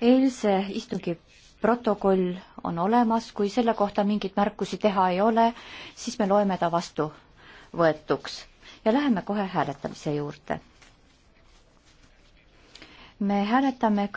eilse istungi protokoll on olemas, kui selle kohta mingeid märkusi teha ei ole, siis me loeme ta vastu võetuks ja läheme kohe hääletamise juurde. me hääletame